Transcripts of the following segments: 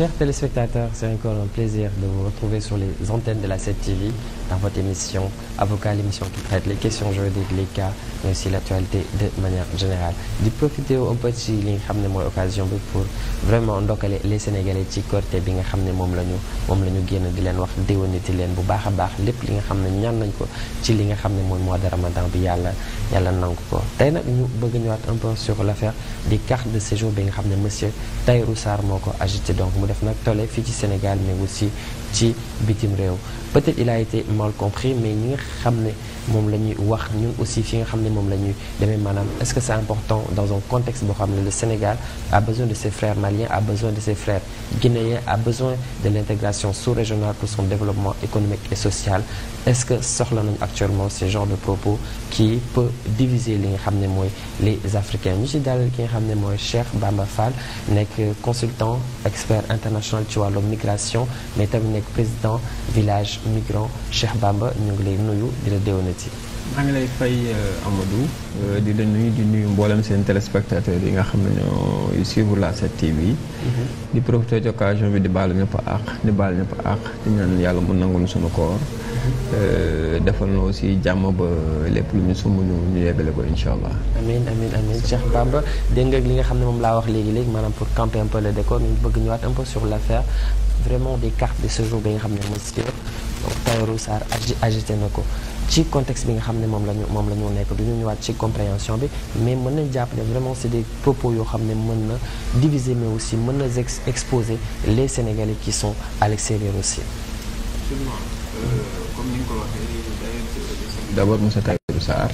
Chers téléspectateurs, c'est encore un plaisir de vous retrouver sur les antennes de la 7 TV dans votre émission Avocat, l'émission qui traite les questions juridiques, les cas, mais aussi l'actualité de manière générale. di profité un peu ci li nga xam ne mooy occasion bi pour vraiment ndokkale les Sénégalais ci Korité bi nga xam ne moom la ñu moom la ñu génn di leen wax déwéniti leen bu baax a baax lépp li nga xam ne ñaan nañ ko ci li nga xam ne mooy mois de Ramadan bi yàlla yàlla nangu ko. tey bi nga xam ne monsieur Tahirou Sarr def nag tole fii ci Sénégal mais aussi ci bitim réew peut-être il a été mal compris mais ñi nga xam ne moom la ñuy wax ñun aussi fi nga xam ne moom la ñuy demee maanaam est-ce que c'est important dans un contexte boo xam ne le Sénégal a besoin de ses frères maliens a besoin de ses frères guinéens a besoin de l'intégration sous-régionale pour son développement économique et social est-ce que soxla nañu actuellement ce genre de propos qui peut diviser li nga xam ne mooy les Africains ñu ci dalal ki nga xam ne mooy Cheikh Bamba fal nekk consultant expert international ci wàllu migration mais tamit nekk président village migrant Cheikh Bamba ñu ngi lay nuyu Actu maa ngi lay fay euh, Amadou euh, di la nuyu di nuyu mboolem seen téléspectateur yi nga xam ne ñoo suivre la 7TV. Mm-hmm. di profité ci occasion bi di baal ñëpp àq di baal ñëpp àq di ñaan yàlla mu nangul suñu koor. Mm-hmm. Euh, defal na aussi jàmm ba lépp lu ñu sumb ñu ñu yeggale ko incha allah. amiin amiin amiin Cheikh Bamba dégg nga li nga xam ne moom laa wax léegi léegi maanaam pour camper un peu le décor ñu bëgg ñëwaat un sur l' vraiment des cartes de séjour bi nga xam ne mooy Steve Tahirou Sarr agité na ko. ci contexte bi nga xam ne moom la moom la ñu nekk duñu ñu ci compréhension bi mais mën nañ jàpp ne vraiment c'est des propos yoo xam ne mën na diviser mais aussi mën na exposer les Sénégalais qui son à aussi. Absolument. Euh, comme ni nga ko waxee d'abord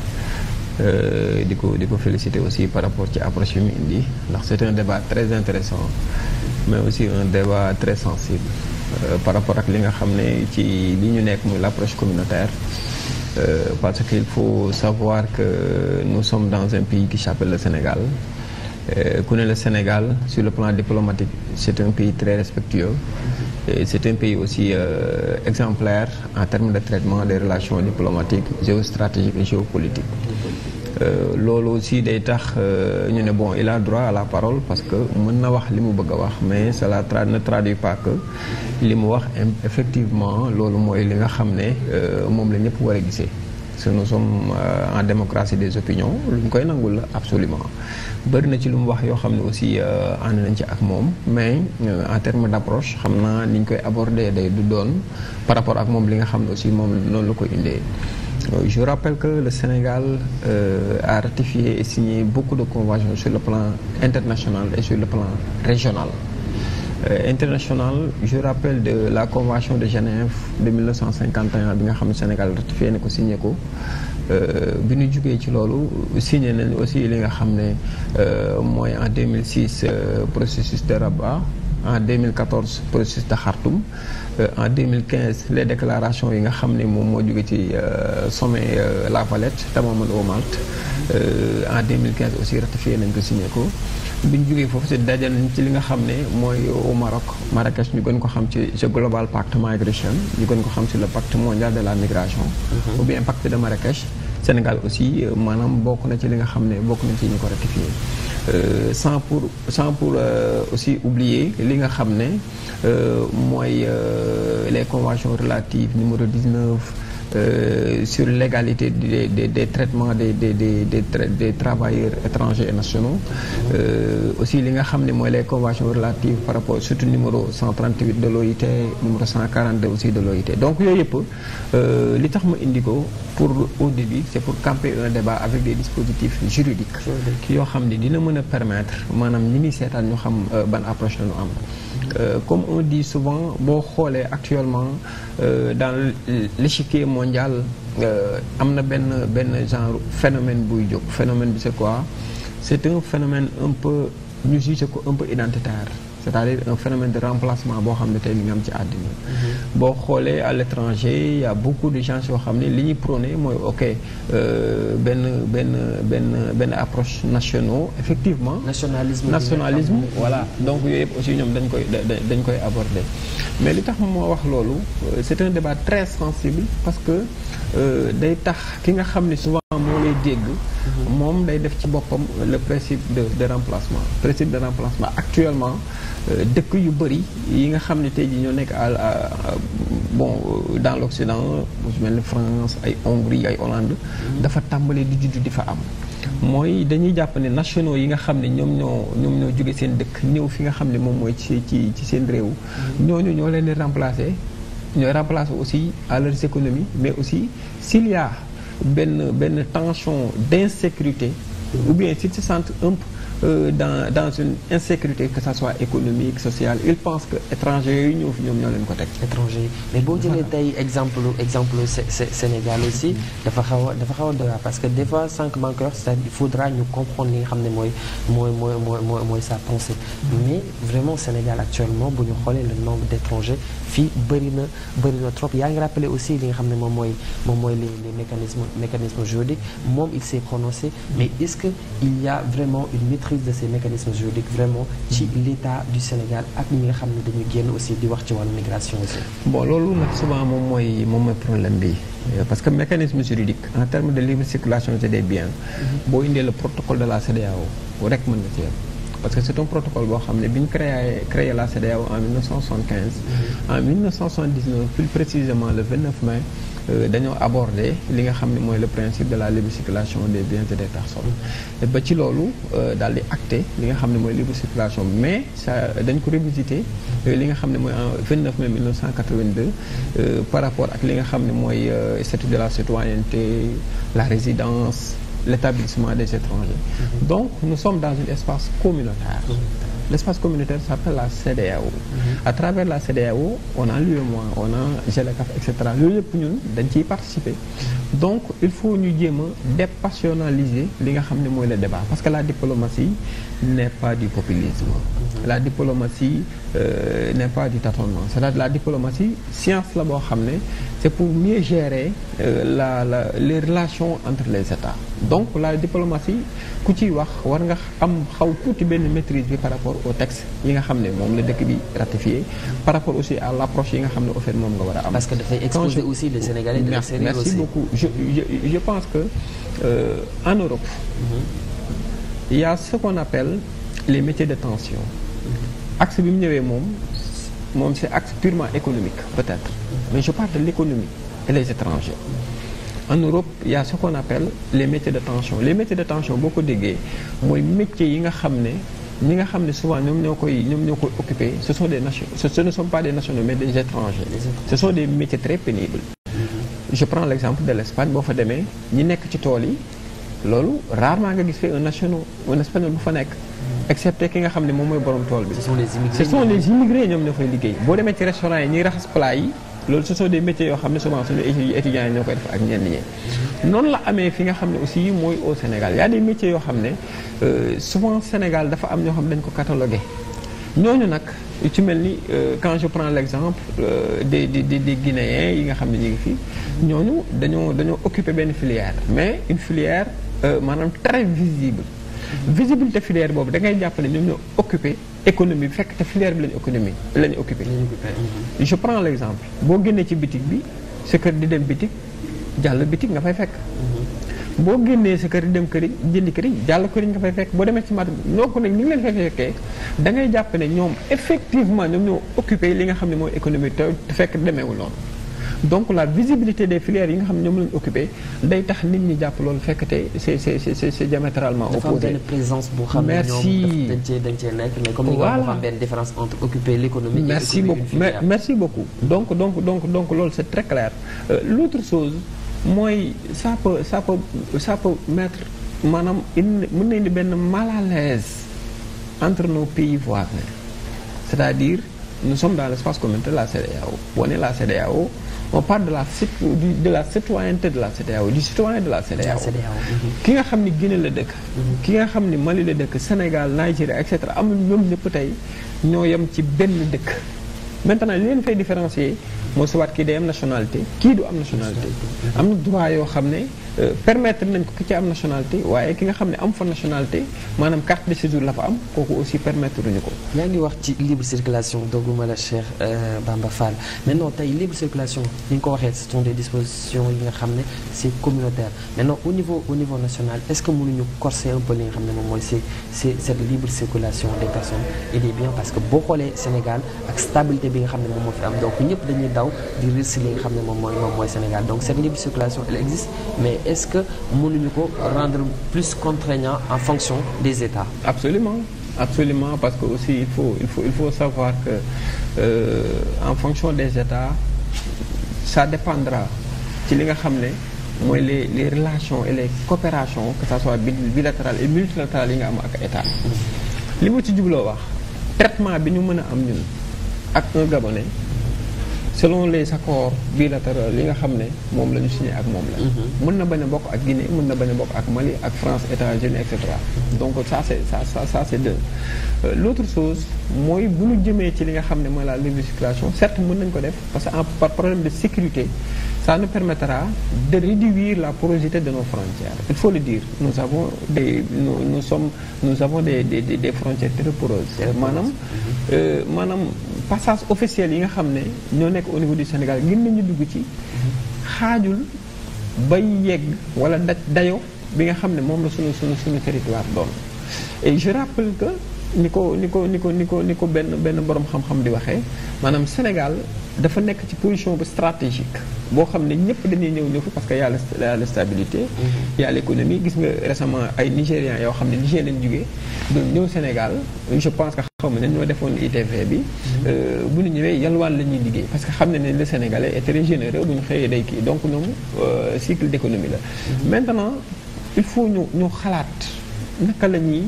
euh, di ko di ko féliciter aussi par rapport ci approche bi mu indi ndax c'est un débat très intéressant mais aussi un débat très sensible euh, par rapport ak li nga xam ne ci li ñu nekk muy l'approche communautaire Euh, parce qu'il faut savoir que nous sommes dans un pays qui s'appelle le Sénégal. connaît euh, le Sénégal sur le plan diplomatique c'est un pays très respectueux et c'est un pays aussi euh, exemplaire en termes de traitement des relations diplomatiques géostratégiques et géopolitiques Euh, loolu aussi day tax euh, ñu ne bon il la droit à la parole parce que mën na wax li mu bëgg a wax mais la tra ne traduit pas que li mu wax effectivement loolu mooy li nga xam ne euh, moom la ñëpp war a gisee. parce que nous sommes en démocratie des opinions lu ñu koy nangul la absolument bëri na ci lu mu wax yoo xam ne aussi ànd nañ ci ak moom mais en terme d' approche xam naa ni ñu koy aborder day du doon par rapport ak moom li nga xam ne aussi moom noonu la ko indee. Euh, je rappelle que le Sénégal euh, a ratifié et signé beaucoup de conventions sur le plan international et sur le plan régional. Euh, international, je rappelle de la Convention de Genève de 1951 bi nga xam ne Sénégal ratifié ne ko signé ko euh, bi ñu jugee ci loolu signé nañ aussi li nga xam ne euh, mooy en 2006 processus de Rabat en 2014 processus de Khartoum. Euh, en 2015 les déclaration yi nga xam ne moom moo jóge ci euh, sommet euh, La Valette te moo mën au Malte en 2015 aussi ratifié nañ ko signé ko bi ñu foofu si daje nañ ci li nga xam ne mooy au Maroc Marrakech ñu gën ko xam ci ce global pact migration ñu gën ko xam ci la pacte mondial de la migration mm-hmm. ou bien pacte de Marrakech Sénégal aussi maanaam bokk na ci li nga xam ne bokk na ci ñu ko ratifié Euh, sans pour sans pour euh, aussi oublier li nga xam ne euh, mooy euh, les conventions relatives numéro 19 euh, sur l'égalité des, des, des, traitements des, des, des, tra des, travailleurs étrangers et nationaux. Euh, aussi, les, les conventions relatives par rapport, surtout numéro 138 de l'OIT, numéro 142 aussi de l'OIT. Donc, il y a euh, les indigo pour au début, c'est pour camper un débat avec des dispositifs juridiques qui nous permettre, madame, nous avons une approche de nous. Euh, comme on di souvent boo xoolee actuellement euh, dans l'échiquier mondial euh, am na benn benn genre phénomène buy jóg phénomène bi c'est quoi c'est un phénomène un peu ñu jugé ko un peu identitaire c'est-à-dire un phénomène de remplacement boo xam ne tey mi ngi ci àddina mm-hmm. boo xoolee à l'étranger y beaucoup de gens yoo xam ne li ñuy prôné mooy ok euh, benn benn benn benn approche nationaux effectivement nationalisme nationalisme voilà mm-hmm. donc yooyu yëpp aussi ñoom dañ koy dañ koy aborder mais li tax moo wax loolu euh, c'est un débat très sensible parce que euh, day tax ki nga xam ne souvent moo lay dégg moom day def ci boppam le principe de de remplacement principe de remplacement actuellement euh, dëkk yu bëri yi nga xam ne tey jii ñoo nekk à bon euh, dans l'Occident su mel ni France ay Hongrie ay Hollande dafa tàmbalee di juddu di fa am mooy dañuy jàpp ne nationaux yi nga xam ne ñoom ñoo ñoom ñoo seen dëkk ñëw fi nga xam ne moom mooy ci ci ci seen réew ñooñu ñoo leen di remplacer ñooy remplacer aussi à leurs économies mais aussi s'il benn benn tension d'insécurité ou bien si tu sens euh, dans dans une insécurité que ça soit économique sociale ils pensent que étrangers yi ñëw fi ñoom ñoo leen ko teg. boo jëlee tey exemple exemple Sénégal aussi dafa xaw dafa xaw a parce que des fois sànq maa ngi koy wax il faudra ñu comprendre li nga xam ne mooy mooy mooy mooy mooy sa pensée. mais vraiment Sénégal actuellement bu ñu xoolee le nombre d'étrangers fii bëri na bëri na trop yaa ngi rappelé aussi li nga xam ne moom mooy moom mooy les les mécanismes mécanismes juridiques moom il s'est prononcé mais est-ce que il maîtrise de ces mécanismes juridiques vraiment ci mm-hmm. l'état du Sénégal ak ñi nga xam ne dañu génn aussi di wax ci wàllu migration aussi. bon loolu nag souvent moom mooy moom mooy problème bi euh, parce que mécanisme juridique en termes de libre circulation des biens mm-hmm. boo indee le protocole de la CEDEAO rek mën na ci yem parce que c'est un protocole boo xam ne bi ñu créé créé la CEDEAO en mm-hmm. en précisément le 29 Euh, dañoo aborder li nga xam ne mooy le principe de la libre circulation des biens et des personnes ba ci loolu euh, dal di acté li nga xam ne mooy libre circulation mais ça dañ ko revisité euh, li nga xam ne mooy en 29 mai 1982 par rapport ak li nga xam ne mooy statut de la citoyenneté la résidence l'établissement des étrangers mm-hmm. donc nous sommes dans un espace communautaire l'espace communautaire s'appelle la CEDEAO. Mhm. à travers la CEDEAO on a l'UEMOA on a GLECAF et cetera yooyu yëpp ñun dañ ciy participer mhm. donc il faut ñu jéem a dépassionnaliser li nga xam ne mooy le débat parce que la diplomatie n'est pas du populisme. Mhm. la diplomatie euh, n'est pas du tâtonnement c'est-à-dire la diplomatie science la boo xam ne c'est pour mieux gérer euh, la la les relations entre les États. donc la diplomatie ku ciy wax war nga am xaw tuuti benn maitrise bi par rapport au texte yi nga xam ne moom la dëkk bi ratifié par rapport aussi à l' approche yi nga xam ne au fait moom nga war a am. parce que dafay exposer aussi les Sénégalais de l'extérieur merci aussi. beaucoup je, je je pense que euh, en Europe. Mm -hmm. y a ce qu'on appelle les de tension. Mm-hmm. axe bi mu ñëwee moom moom c' est axe purement économique peut-être mm-hmm. mais je parle de l' économie et en Europe il y a ce qu'on appelle les métiers de tension les métiers de tension boo ko déggee mooy métiers yi nga xam ne ñi nga xam ne souvent ñoom ñoo koy ñoom ñoo koy occupé ce sont des nations ce ne sont pas des nationaux mais des étrangers ce sont des métiers très pénibles je prends l'exemple de l'Espagne boo fa demee ñi nekk ci tool yi loolu rarement nga gis fee un national un espagnol bu fa nekk excepté ki nga xam ne moom mooy borom tool bi ce sont les loolu ce sont des métiers yoo xam ne souvent suñu étudiants yi ñoo koy def ak ñenn ñi noonu la amee fi nga xam ne aussi mooy au Sénégal y a des métiers yoo xam ne euh, souvent Sénégal dafa am ñoo xam dañ ko catalogué ñooñu nag ci mel ni euh, quand je prends l' exemple euh, des des des Guinéens yi nga xam ne ñu ngi fii ñooñu dañoo dañoo occuper benn filière mais une filière maanaam très visible visibilité filière boobu da ngay jàpp ne ñoom ñoo occupé économie bi fekk te filière bi la ñu économie la occupé mhm. je prends l' boo génnee ci bitig bi sa kër di dem bitig jàll bitig nga fay fekk mhm. boo génnee sa kër yi dem këriñ jëndi këriñ jàll këriñ nga fay fekk boo demee ci mat ñoo ko nag ni ngi leen fay fekkee da ngay jàpp ne ñoom effectivement ñoom ñoo occupé li nga xam ne mooy économie te fekk demeewul noonu donc la visibilité des filières yi nga xam ne ñoom la ñu occupé day tax nit ñi jàpp loolu fekk te c'est c'est c'est diamétralement opposé. xam ne ñoom dañ cee dañ cee nekk mais comme ni nga xam am benn différence entre occuper l'économie. merci beaucoup merci beaucoup donc donc donc donc loolu c'est très clair euh, l'autre chose mooy ça peut ça peut maanaam indi mën na indi benn mal entre no pays voisins c'est-à-dire nous sommes dans l'espace communautaire de la CEDEAO on est la CEDEAO on parle de la de la citoyenneté de la CEDEAO du citoyen de la CEDEAO e e e ki nga xam ni Guinée la dëkk mm-hmm. ki nga xam ni Mali la dëkk Sénégal Nigeria et cetera amul ñoom ñëpp tey ñoo yem ci benn dëkk maintenant li leen fay différencier mooy subaat kii day am nationalité kii du am nationalité am na droit yoo xam ne euh, permettre nañ ko ki ci am nationalité waaye ki nga xam ne am fa nationalité maanaam carte de séjour la fa am kooku aussi permettre duñu ko yaa ngi wax ci libre circulation dogguma la Cheikh euh, Bamba Fall maintenant tey libre circulation ni nga ko waxee ce des dispositions yi nga xam ne c'est communautaire maintenant au niveau au niveau national est-ce que mënuñu corser un peu li nga xam ne moom mooy c'est c'est boo xoolee Sénégal ak stabilité bi nga xam ne moom moo fi am donc ñëpp dañuy daw di risque li nga xam ne moom mooy moom mooy Sénégal donc cette libre circulation elle existe mais est-ce que mënuñu ko rendre plus contraignant en fonction des États absolument absolument parce que aussi il faut il faut il faut savoir que euh, en fonction des États ça dépendra ci li nga xam ne mooy les les relations et les coopérations que ça soit bilatérales et multilatérales yi nga am ak État mm-hmm. li ma ci jubloo wax traitement bi ñu mën a am ak un Gabonais selon les accords bilatéraux li nga xam ne moom la ñu signé ak moom la. Mhm. mën na bañ a bokk ak Guinée mën na bañ a bokk ak Mali ak France États-Unis et cetera. donc ça c'est ça ça ça c'est deux. Euh, l'autre chose mooy bu ñu jëmee ci li nga xam ne mooy la libre circulation certes mën nañ ko def parce que en par problème de sécurité ça nous permettra de réduire la porosité de nos frontières il faut le dire nous avons des nous nous sommes nous avons des des des frontières très poreuses. maanaam mhm. euh, maanaam passage officiel yi nga xam ne ñoo nekk nekk au niveau du Sénégal gën nañu dugg ci xaajul bay yegg wala daj dayo bi nga xam ne moom la suñu suñu suñu territoire doon ay je que ni ko ni ko ni ko ni ko ni ko benn benn boroom xam-xam di waxee maanaam Sénégal dafa nekk ci position bu stratégique boo xam ne ñëpp dañuy ñëw ñëw parce que yàlla a stabilité. y a mm-hmm. gis nga récemment ay Nigérians yoo xam ne Niger lañ jugee doon ñëw Sénégal je pense xaw xam ne ñoo defoon ITV bi. Mm-hmm. Euh, bu ñu ñëwee yalwaan la ñuy liggéey parce que xam ne ne le Sénégalais est très généreux bu ñu xëyee day kii donc ñoom euh, cycle d'économie la. Mm-hmm. maintenant il faut ñu ñu xalaat naka la ñuy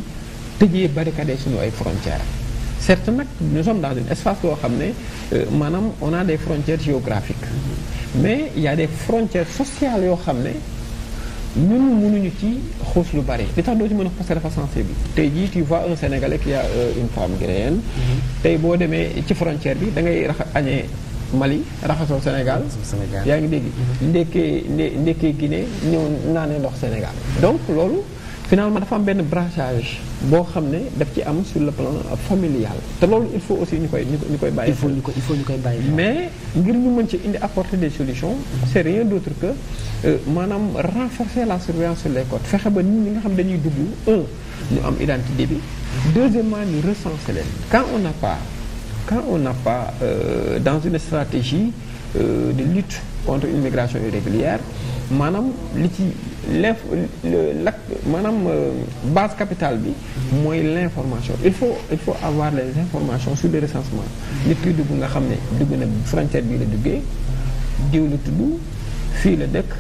tëjee barricade suñu ay frontières. certes nag nous sommes dans un espace boo xam ne euh, maanaam on a des frontières géographiques mais il y a des frontières yoo xam ne ñun munuñu ci xuus lu bari li tax doo ci mën a parce que tey jii tu vois un sénégalais qui a euh, une mm-hmm. tey boo demee ci frontière bi da ngay rax añee Mali raxasoo Sénégal yaa ngi dégg mm-hmm. ndekkee ndekkee Guinée ñëw naanee ndox Sénégal donc loolu finalement dafa am benn brassage boo xam ne daf ci am sur le plan familial te loolu il faut aussi ñu koy ñu koy bàyyi. il ñu koy il faut ñu koy bàyyi. mais ngir ñu mën ci indi apporter des solutions. c' est rien d' que euh, maanaam renforcer la surveillance sur les côtes fexe ba nit ñi nga xam dañuy dugg un ñu am identité bi. deuxièmement ñu recenser leen. quand on n'a pas quand on n'a pas euh, dans une stratégie euh, de lutte contre une migration irrégulière maanaam li ci. l'inf la maanaam euh, base capital bi mooy l'information il faut il faut avoir les informations sur le recensement nit kuy dugg nga xam ne dugg na frontière bii la duggee diw la tudd fii la dëkk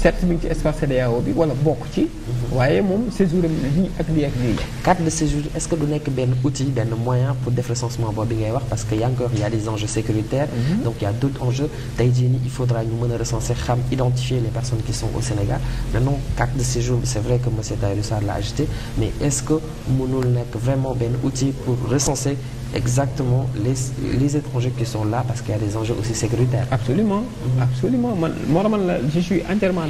certes mi ngi ci espace CEDEAO bi wala bokk ci. Mhm. waaye moom séjour am lii ak lii ak lii. carte de séjour est ce que du nekk benn outil benn moyen pour def recensement boobu bi ngay wax parce que y' a encore y' a des enjeux sécuritaires. Mhm. donc y' a d' autres enjeux tey jii nii il faudra ñu mën a recenser xam identifier les personnes qui sont au Sénégal maintenant carte de séjour bi c' est vrai que pour recenser. exactement les les étrangers qui sont là parce qu'il y a des enjeux aussi sécuritaires. absolument mm -hmm. absolument moo tax man la je suis entièrement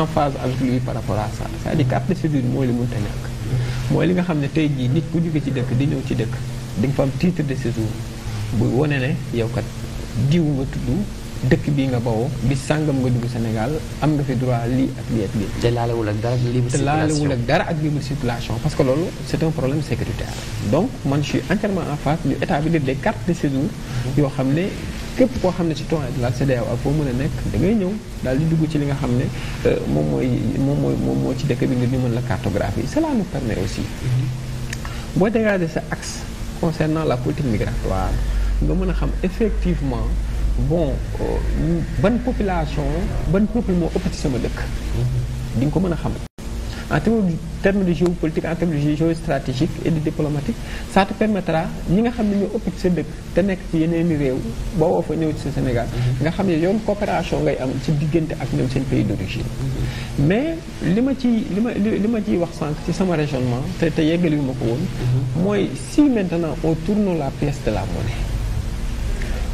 en phase avec lui par rapport à ça c'est-à-dire que après procédure mooy li nga xam ne tey jii nit ku jóge ci dëkk di ñëw ci dëkk di nga fa am titre de séjour bu wone ne yow kat diw nga tudd. dëkk bii nga bawoo bi sàngam nga dugg Sénégal am nga fi droit lii ak lii ak lii. te laalewul ak dara ak libre circulation te laalewul ak dara ak libre circulation. parce que loolu c' est un problème sécuritaire. donc man je suis entièrement en face du état bi des cartes de séjour. yoo xam ne képp koo xam ne ci toit de la CEDEAO ak foo mën a nekk da ngay ñëw daal di dugg ci li nga xam ne euh, moom mooy moom mooy moom moo ci dëkk bi ngir ñu mën la cartographie cela nous permet aussi. boo dégager sa axe concernant la politique migratoire nga mën a xam effectivement. bon euh, ban population ban peuple moo ëpp ci sama dëkk di nga ko mën a xam en terme de géopolitique en terme de géostratégique et de diplomatique ñi nga xam ne ñoo ëpp ci sa dëkk te nekk ci yeneeni réew ba woo fa ñëw ci sa Sénégal mhm. nga xam ne yoon coopération ngay am ci diggante ak ñoom seen pays d'origine mhm. mais li ma ci li ma li ma ciy wax sànq ci sama régionnement te te yeggali yu ma ko woon mhm. mooy si maintenant on tourne la pièce de la monnaie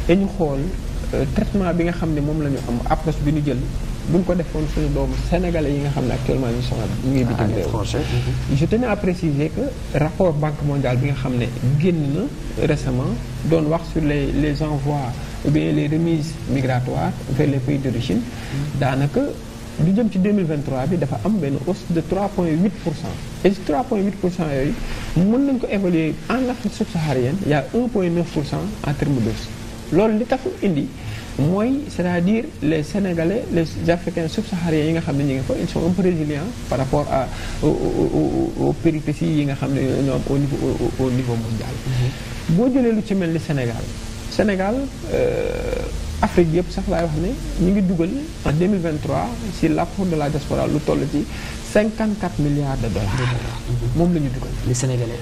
et ñu xool traitement bi nga xam ne moom la ñu am approche bi ñu jël buñ ko defoon suñu doomu sénégalais yi nga xam ne actuellement ñu soxla ñu ngi bitim réew je tenais à préciser bi nga xam ne génn na récemment doon wax sur les les envois ou bien les remises migratoires vers les pays d'origine daanaka lu jëm ci 2023 bi dafa am benn hausse de 3,8 pour cent et ci 3,8 pour cent yooyu mën nañ ko évaluer en Afrique subsaharienne il y a 1,9 pour cent en termes d'hausse loolu li tax indi mooy c'est-à-dire les sénégalais les africains subsahariens yi nga xam ne ñu ngi fa ils sont un peu résilients par rapport à aux yi nga xam ne ñoo am au niveau au niveau mondial. Mm-hmm. boo jëlee lu ci mel ni Sénégal Sénégal. Euh, Afrique yëpp sax laay wax ne ñu ngi dugal en 2023 ci l'apport de la diaspora lu toll ci 54 milliards de dollars. moom la ñu dugal. les Sénégalais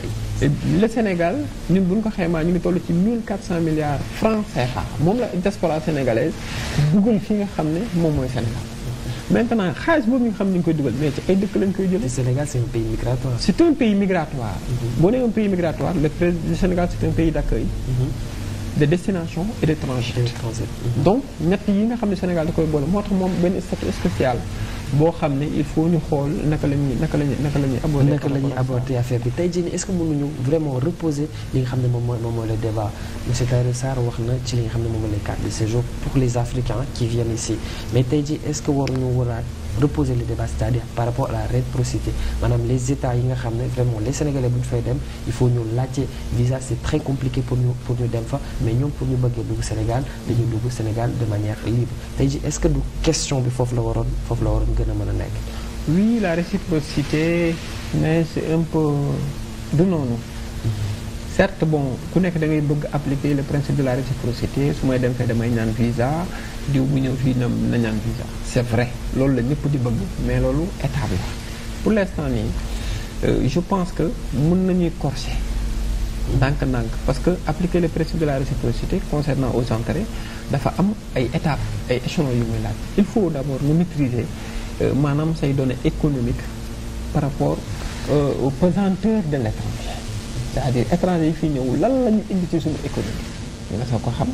le Sénégal ñun bu ñu ko xaymaa ñu ngi toll ci 1400 milliards francs CFA moom la diaspora sénégalaise dugal fi nga xam ne moom mooy Sénégal. maintenant xaalis boobu nga xam ne ñu ngi koy dugal mais ci ay dëkk lañ koy jël le Sénégal c'est un pays migratoire. c'est un pays migratoire. Mm-hmm. boo nee Sénégal c'est un de destination et de transit. Mhm. donc ñett yi nga xam ne Sénégal da koy boole moo tax moom benn statut spécial boo xam ne il faut ñu xool naka la ñuy naka la ñuy naka la ñuy aborder. naka la ñuy aborder affaire bi tey jii nii est-ce que mënuñu vraiment reposer li nga xam ne moom mooy moom mooy le débat monsieur Tahirou Sarr wax na ci li nga xam ne moom mooy les de séjour pour les Africains qui viennent ici mais tey jii est-ce que waruñu waraat. reposer le débat cest par rapport à la réciprocité maanaam les états yi nga xam ne vraiment les sénégalais bu ñu fay dem il faut ñu laajte visa c'est très compliqué pour ñu dem fa mais ñoom pour ñu bëggee dugg Sénégal dañuy dugg Sénégal de manière libre tey ji est-ce que du question bi foofu la waroon foofu la waroon gën a mën a nekk. oui la réciprocité mais c'est un peu du noonu. certes bon ku nekk da ngay bëgg appliquer le principe de la réciprocité su dem fee damay ñaan diw bu ñëw fii na na ñaan visa c' est vrai loolu la ñëpp di bëgg mais loolu étape la pour l' instant nii euh, je pense que mun nañuy corser ndànk-ndànk parce que appliquer le principe de la réciprocité concernant aux entrées dafa am ay étapes ay échelons yu muy laaj il faut d' abord nga maîtriser euh, maanaam say données économiques par rapport euh, aux pesanteurs de l' étranger c' est à dire étranger yi fii ñëw lan la ñu indi ci suñu nga soo ko xam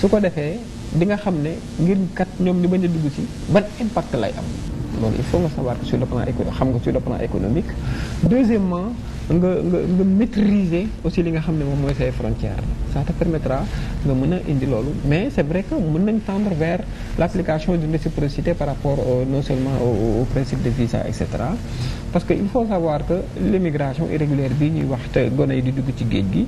su ko defee di nga xam ne ngir kat ñoom ñu bañ a dugg ci ban impact lay am loolu il faut nga savoir que sur le plan économique xam nga sur le plan économique deuxièmement nga nga nga maîtriser aussi li nga xam ne moom mooy say frontières ça te permettra nga mën a indi loolu mais c'est vrai que mën nañ tendre vers l'application d'une réciprocité par rapport au, non seulement au, au principe de visa et cetera parce que il faut savoir que l'immigration irrégulière bi ñuy wax te gone yi di dugg ci géej gi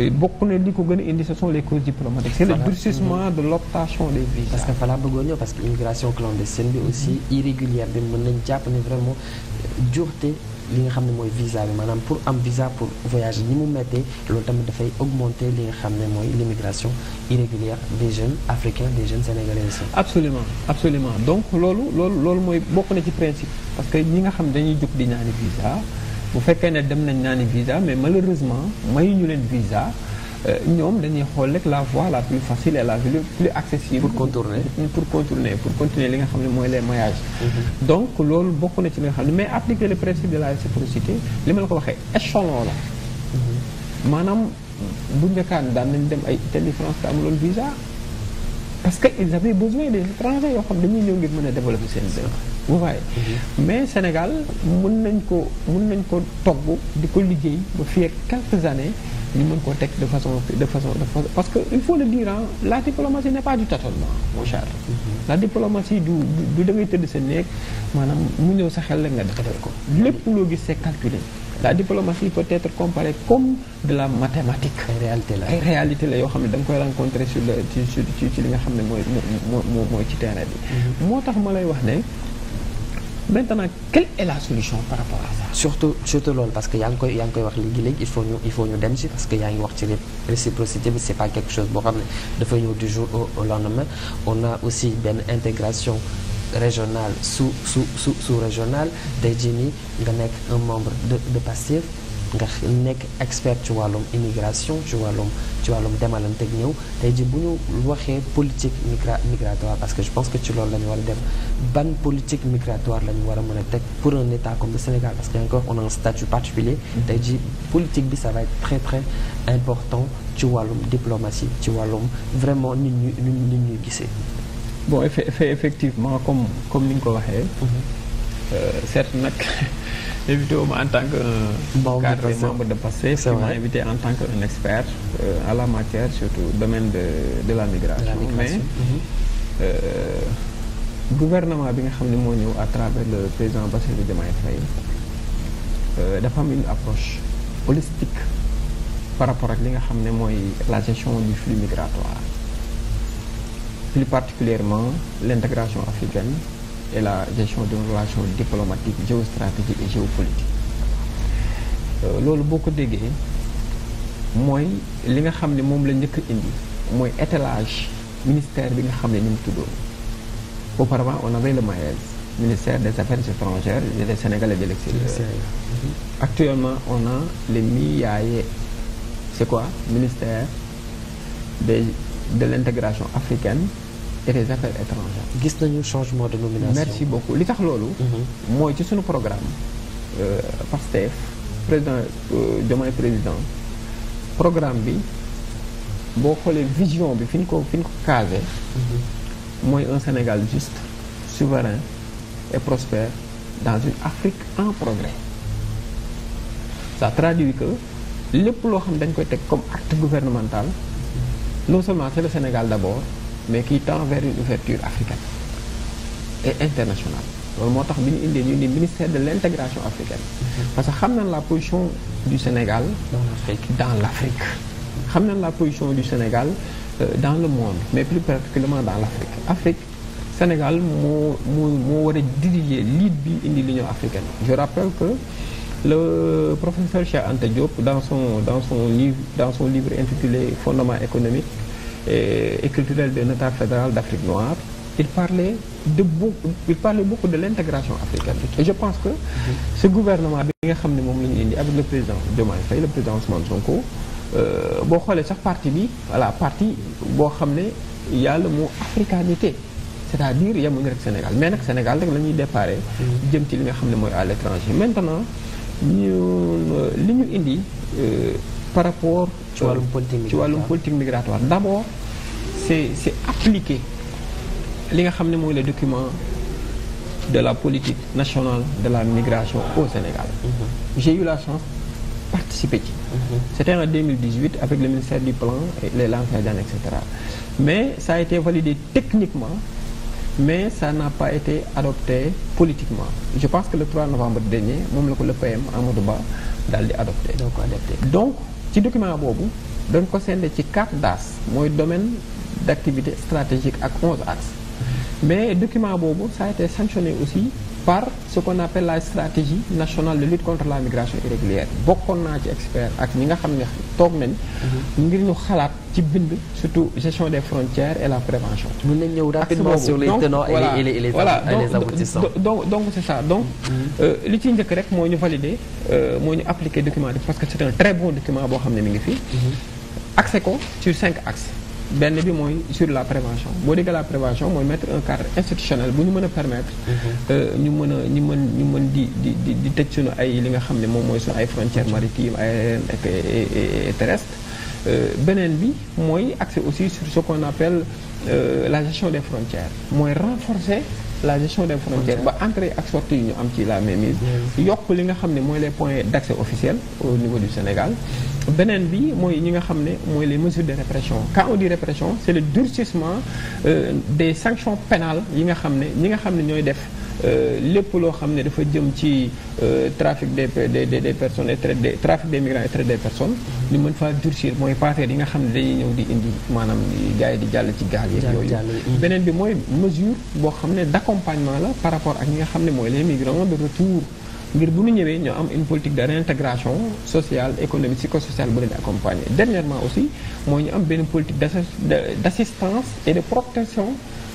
eh, bokk na li ko gën a indi ce sont les causes diplomatiques c'est le durcissement de l'obtention des visas parce que voilà bëggoon ñëw parce que immigration clandestine bi aussi irrégulière bi mën nañ jàpp ne vraiment juurte li nga xam ne mooy visa bi maanaam pour am visa pour voyager ni mu méttee loolu tamit dafay augmenter li nga xam ne mooy l'immigration irrégulière de jeunes africains des jeunes sénégalais aussi. absolument absolument donc loolu loolu loolu mooy bokk na ci principe parce que ñi nga xam dañuy jóg di ñaani visa bu fekkee ne dem nañ naa ne visa mais malheureusement mayu ñu leen visa. Euh, ñoom dañuy xool rek la voie la plus facile et la plus accessible. Mm, pour contourner pour contourner continuer li nga xam ne mooy les maillages. Mm-hmm. donc loolu bokk na ci nga xam ne mais appliquer le principe de la réciprocité li ma la ko waxee échelon la. Mm-hmm. maanaam bu njëkkaan daan nañ dem ay Italie France te amuloon visa. parce que ils avaient besoin des étrangers yoo xam dañuy ñëw ngir mën a développer seen dëkk vous voyez mhm. mais Sénégal mun nañ ko mun nañ ko togg di ko liggéey ba fii ak quelques années ñu mën ko teg de façon de façon parce que il faut le dire ah la diplomatie n'est pas du tâtonnement mon cher mhm. la diplomatie du du tëdd sa néeg maanaam mu ñëw sa xel la nga defal ko mhm. lépp loo gis c'est calculé la diplomatie peut être comparée comme de la mathématique. la ay réalité la yoo xam ne da koy rencontrer sur li nga xam ne mooy moo mooy ci terrain bi. Mm-hmm. moo tax ma wax ne. maintenant quelle est la solution par rapport à ça. surtout surtout loolu parce que yaa ngi koy yaa ngi koy wax léegi léegi il faut ñu il dem ci parce que yaa ngi wax ci réciprocité bi c'est pas quelque chose boo xam ne dafa ñëw du jour au lendemain on a aussi benn intégration. régional sous sous sous sous régional tey ji nii nga nekk un membre de de Pastef nga nekk expert ci wàllum immigration ci wàllum ci wàllum demalante ak ñëw tey ji bu ñu waxee politique migra migratoire parce que je pense que ci loolu la ñu a dem ban politique migratoire la ñu war a mën a teg pour un état comme Sénégal parce que encore on a un statut particulier tey ji politique bi sa va être très très important ci wàllum diplomatie ci wàllum vraiment nit ñu nit ñuy gisee bon effet effet effectivement comme comme ni nga ko waxee. Mhm. Euh, certes nag invité wu en tant que. membre euh, cadre membre de Pastef. c'est vrai invité en tant que un expert euh, à la matière surtout domaine de de la migration. La mais mhm. euh, gouvernement bi nga xam ne moo ñëw à travers le président Bassirou Diomaye Faye dafa am une approche holistique par rapport ak li nga xam ne mooy la gestion du flux migratoire. plus particulièrement l'intégration africaine et la gestion d'une relation diplomatique, géostratégique et géopolitique. Euh, loolu boo ko déggee mooy li nga xam ne moom la njëkk indi mooy étalage ministère bi nga xam ne ni mu tuddoon auparavant on avait le MAES ministère des affaires étrangères et des Sénégalais de l'extérieur mhm. actuellement on a le MIAE c'est quoi ministère des de l'intégration africaine et des affaires étrangères. gis nañu changement de nomination merci beaucoup li tax loolu. Mhm. mooy ci suñu programme. Euh, PASTEF président euh, Diomaye président programme bi boo xoolee vision bi fi ñu ko fi ñu ko casé. Mhm. mooy un Sénégal juste souverain et prospère dans une Afrique en progrès ça traduit que lépp loo xam dañ koy teg comme acte gouvernemental non seulement c'est le Sénégal d'abord. mais qui tend vers une ouverture africaine et internationale loolu moo tax bi ñu indee ñu ni ministère de l'intégration africaine mhm. parce que xam nañ la position du Sénégal dans l'Afrique xam nañ la position du Sénégal euh, dans le monde mais plus particulièrement dans l'Afrique Afrique Sénégal moo moo moo war a diriger lead bi indi l'Union africaine je rappelle que le professeur Cheikh Anta Diop dans son dans son livre dans son économique Euh, et culturelle d'un État fédéral d'Afrique noire, il parlait, de beaucoup, il parlait bokk de l'intégration africaine. je pense que mm-hmm. ce gouvernement, avec le président Diomaye Faye, le président Ousmane Sonko, euh, boo xoolee sax parti bi voilà parti boo xam ne yàlla moo africanité c'est-à-dire yemuñu rek Sénégal mais nag Sénégal rek la ñuy déparé mm-hmm. jëm ci li nga xam ne mooy à l'étranger maintenant ñu li ñu indi euh, par rapport. ci wàllum euh, politique migratoire ci wàllum d' abord est c' est appliqué li nga xam ne mooy le document de la politique nationale de la migration au Sénégal. Mm-hmm. j'ai eu la chance participer ci. Mm-hmm. c' était en 2018 avec le ministère du plan et les langues et etc. mais ça a été validé techniquement. mais ça n'a pas été adopté politiquement je pense que le 3 novembre dernier moom la ko le PM Amadou Ba daal di adopté. donc adopté donc ci document boobu dañ ko sende ci quatre DAS mooy domaine d' activité stratégique ak 11 axes mais document boobu ça a été sanctionné aussi. par ce na appelle la stratégie nationale de lutte contre la migration irrégulière bokkoon naa ci expert ak ñi nga xam ne toog nañ mhm. ngir ñu xalaat ci bind surtout gestion des frontières et la prévention mën ñëw rapidement sur les tenants et mhm. euh, li ci njëkk rek moo ñu valider euh, moo ñu appliquer document bi parce que c'est un très bon document boo xam ne mu ngi fi mhm. axé ko sur cinq axes benn bi mooy sur la prévention boo déggee la prévention mooy mettre un cadre institutionnel bu ñu mën a permettre. Mhm. Euh, ñu mën a ñu mën ñu mën di di di teg tëj suñu ay li nga xam ne moom mooy suñu ay frontières maritimes aériennes ak terrestres. Euh, beneen bi mooy accès aussi sur ce qu'on appelle euh, la gestion des frontières mooy renforcer. la gestion des frontières ba entrée ak sortie ñu am ci la mainmise mm. yokk li nga xam ne mooy les points d' accès officiels au niveau du Sénégal beneen bi mooy ñi nga xam ne mooy les mesures de répression quand on dit répression c' est le durcissement euh, des sanctions pénales yi nga xam ne ñi nga xam ne ñooy def Euh, lépp loo xam ne dafa jëm ci euh, trafic des des des personnes et traite des trafic des migrants et traite des personnes. ñu mën faa durcir mooy paafeer yi nga xam ne dañuy ñëw di indi maanaam gars yi di jàll ci gaal yeeg yooyu. beneen bi mooy mesure boo xam ne d' accompagnement la par rapport ak ñi nga xam ne mooy les migrants de retour. ngir bu ñu ñëwee ñoo am une politique de réintégration sociale économique psychosociale bu leen accompagner dernièrement aussi mooy ñu am benn politique d' assistance et de protection.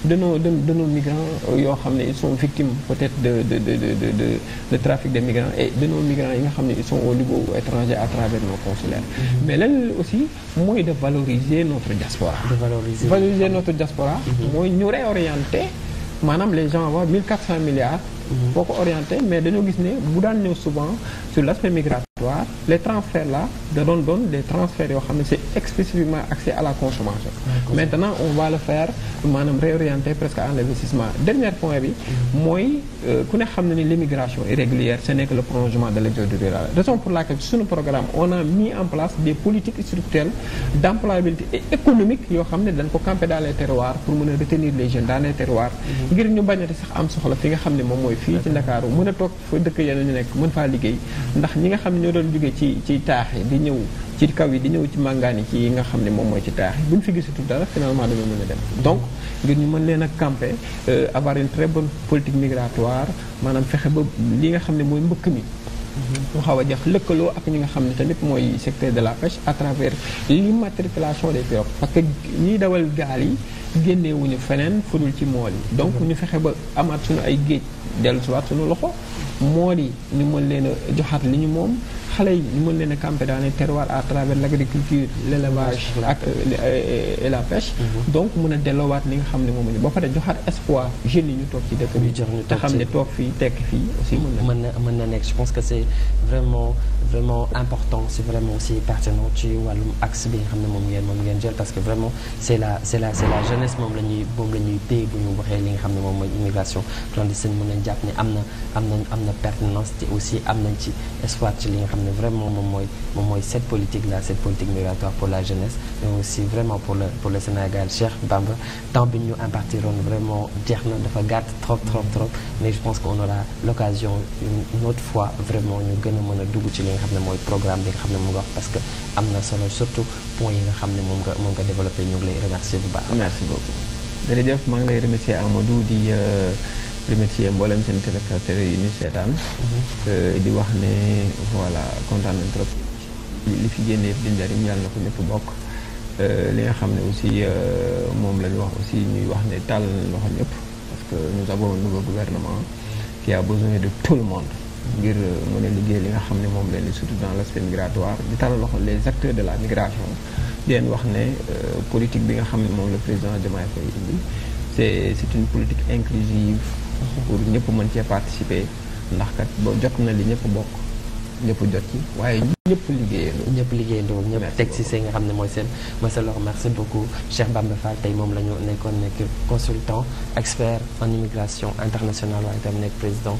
de nos de, de migrants euh, yoo xam ne ils sont victimes peut-être de de de migrants et de nos migrants yi nga xam ne ils sont au niveau à travers nos consulaires. Mm -hmm. mais leneen aussi mooy de valoriser notre diaspora. de valoriser, valoriser notre diaspora. Mm-hmm. mooy ñu réorienter maanaam les gens avoir 1400 milliards. Mm-hmm. boo ko orienté mais dañoo gis ne bu daan ñëw souvent sur l'aspect migratoire les transferts là. da doon doon des transferts yoo xam ne c'est spécifiquement axé à la consommation maintenant on va le faire maanaam réorienter presque à l'investissement dernier point bi mooy euh, ku ne xam ne ni l'immigration irrégulière ce n'est que prolongement de l'exode rural raison pour laquelle suñu programme on a mis en place des politiques structurelles d'employabilité et économique yoo xam ne dañ ko camper dans les terroirs pour mën a retenir les jeunes dans les mmh. ngir ñu bañati nga xam ne moom mooy fii ci Ndakaaru a toog fa dëkk yeneen mmh. doon jóge ci ci ñëw ci kaw yi di ñëw ci màngaani ci yi nga xam ne moom mooy ci taax yi bu ñu fi gisatul dara finalement dañoo mën a dem donc ngir ñu mën leen a camper euh, avoir une très bonne politique migratoire maanaam fexe ba li nga xam ne mooy mbëkk mi mu xaw a jax lëkkaloo ak ñi nga xam ne tamit mooy secteur de la pêche à travers l'immatriculation des pirogues parce que ñiy dawal gaal yi génnewuñu feneen fudul ci mool yi donc ñu fexe ba amaat suñu ay géej dellusiwaat suñu loxo mool yi ñu mën leen a joxaat li ñu moom xale yi mën leen a camper dans les à travers l' agriculture l' ak euh, la pêche mhm. donc mën a dellowaat li nga xam ne moom la ñu ba pare joxaat espoir jeunes yi ñu toog ci dëkk bi te xam ne fii tekki fii aussi mën na mën na nekk je pense que c' est vraiment vraiment important c' est vraiment aussi pertinent ci wàllum axe bi nga ne moom ngeen moom ngeen jël parce que vraiment c' est la la c' est la bu ñu waxee li nga xam ne moom mooy immigration clandestine mën nañ jàpp ne am na am na am na pertinence te aussi am nañ ci espoir ci li nga xam ne ne vraiment moom mooy moom mooy cette politique là cette politique migratoire pour la jeunesse mais aussi vraiment pour le Sénégal Cheikh Bamba temps bi ñu impartiroon vraiment jeex na dafa gàtt trop trop trop mais je pense qu'on aura l'occasion une autre fois vraiment ñu gën a man a dugg ci li nga xam ne mooy programme bi nga xam ne mu nga wax parce que am na solo surtout point yi nga xam ne moom nga moom nga développé ñu ngi lay remercier bu baax. merci beaucoup remercier mboolem seen téléspectateurs yi ñu seetaan. Mhm. Euh, di wax ne voilà kontaan nañ trop. li fi génnee di njariñ yàlla na ko ñëpp bokk euh, li nga xam ne aussi euh, moom la ñu wax aussi ñuy wax ne tàll nañ loxo ñëpp parce que nous avons un nouveau gouvernement qui a besoin de tout le monde ngir mën a liggéey li nga xam ne moom leen di surtout dans l'aspect migratoire di tàll loxo les acteurs de la migration di leen wax ne politique bi nga xam ne moom la président Diomaye Faye indi c'est c'est une politique inclusive pour ñëpp mën cee participer ndax kat ba jot na li ñëpp bokk ñëpp jot ci waaye ñëpp liggéeyandoo ñëpp liggéeyandoo ñëpp teg ci seen nga xam ne mooy seen mooy seen loxo merci beaucoup Cheikh Bamba Fall tey moom la ñu nekkoon nekk consultant expert en immigration internationale waaye itam nekk président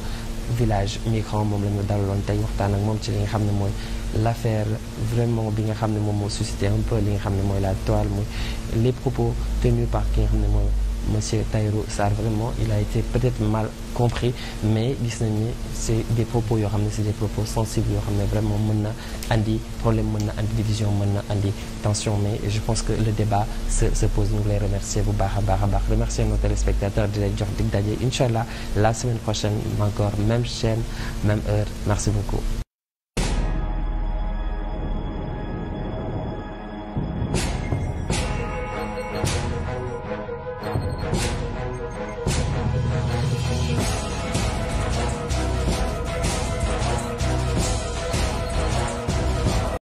village migrant moom la ñu dalaloon tey waxtaan ak moom ci li nga xam ne mooy l'affaire vraiment bi nga xam ne moom moo suscité un peu li nga xam ne mooy la toile muy les propos tenus par ki nga ne mooy monsieur Tahirou Sarr vraiment il a été peut-être mal compris mais gis nañ ni c'est des propos yoo xam ne c'est des propos sensibles yoo xam ne vraiment mën na andi problème mën na andi division mën na andi tension mais je pense que le débat se se pose ñu ngi remercier bu baax a baax a baax remercier nos téléspectateurs di lay jox dig daje incha allah la semaine prochaine encore même chaîne même heure merci beaucoup.